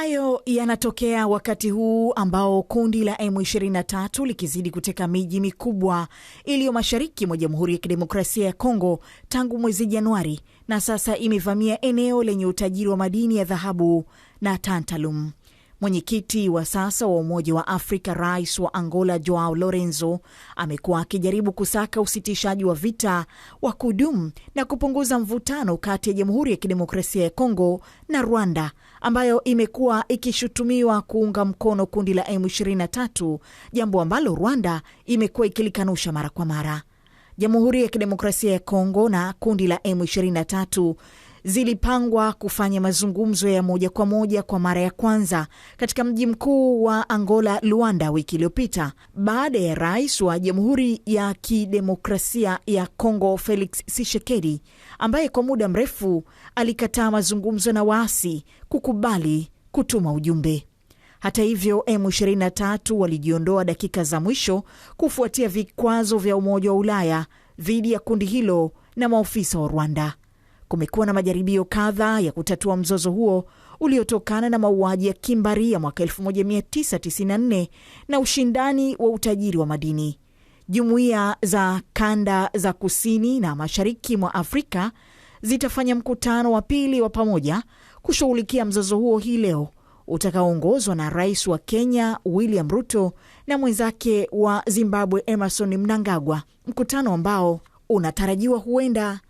Hayo yanatokea wakati huu ambao kundi la M23 likizidi kuteka miji mikubwa iliyo mashariki mwa Jamhuri ya Kidemokrasia ya Kongo tangu mwezi Januari, na sasa imevamia eneo lenye utajiri wa madini ya dhahabu na tantalum. Mwenyekiti wa sasa wa Umoja wa Afrika, rais wa Angola Joao Lorenzo, amekuwa akijaribu kusaka usitishaji wa vita wa kudumu na kupunguza mvutano kati ya Jamhuri ya Kidemokrasia ya Kongo na Rwanda, ambayo imekuwa ikishutumiwa kuunga mkono kundi la M23, jambo ambalo Rwanda imekuwa ikilikanusha mara kwa mara. Jamhuri ya Kidemokrasia ya Kongo na kundi la M23 zilipangwa kufanya mazungumzo ya moja kwa moja kwa mara ya kwanza katika mji mkuu wa Angola, Luanda, wiki iliyopita baada ya rais wa Jamhuri ya Kidemokrasia ya Kongo Felix Tshisekedi, ambaye kwa muda mrefu alikataa mazungumzo na waasi, kukubali kutuma ujumbe. Hata hivyo, M23 walijiondoa dakika za mwisho kufuatia vikwazo vya Umoja wa Ulaya dhidi ya kundi hilo na maofisa wa Rwanda kumekuwa na majaribio kadhaa ya kutatua mzozo huo uliotokana na mauaji ya kimbari ya mwaka 1994 na ushindani wa utajiri wa madini. Jumuiya za kanda za kusini na mashariki mwa Afrika zitafanya mkutano wa pili wa pamoja kushughulikia mzozo huo hii leo utakaoongozwa na rais wa Kenya William Ruto na mwenzake wa Zimbabwe Emerson Mnangagwa, mkutano ambao unatarajiwa huenda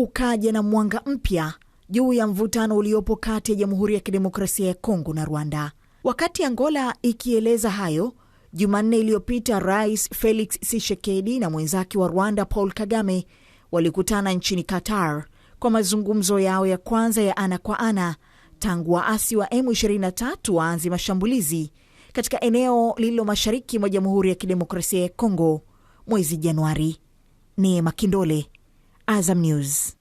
ukaja na mwanga mpya juu ya mvutano uliopo kati ya Jamhuri ya Kidemokrasia ya Kongo na Rwanda. Wakati Angola ikieleza hayo Jumanne iliyopita, Rais Felix sishekedi na mwenzake wa Rwanda Paul Kagame walikutana nchini Qatar kwa mazungumzo yao ya kwanza ya ana kwa ana tangu waasi wa M23 waanze mashambulizi katika eneo lililo mashariki mwa Jamhuri ya Kidemokrasia ya Kongo mwezi Januari. ni makindole Azam News.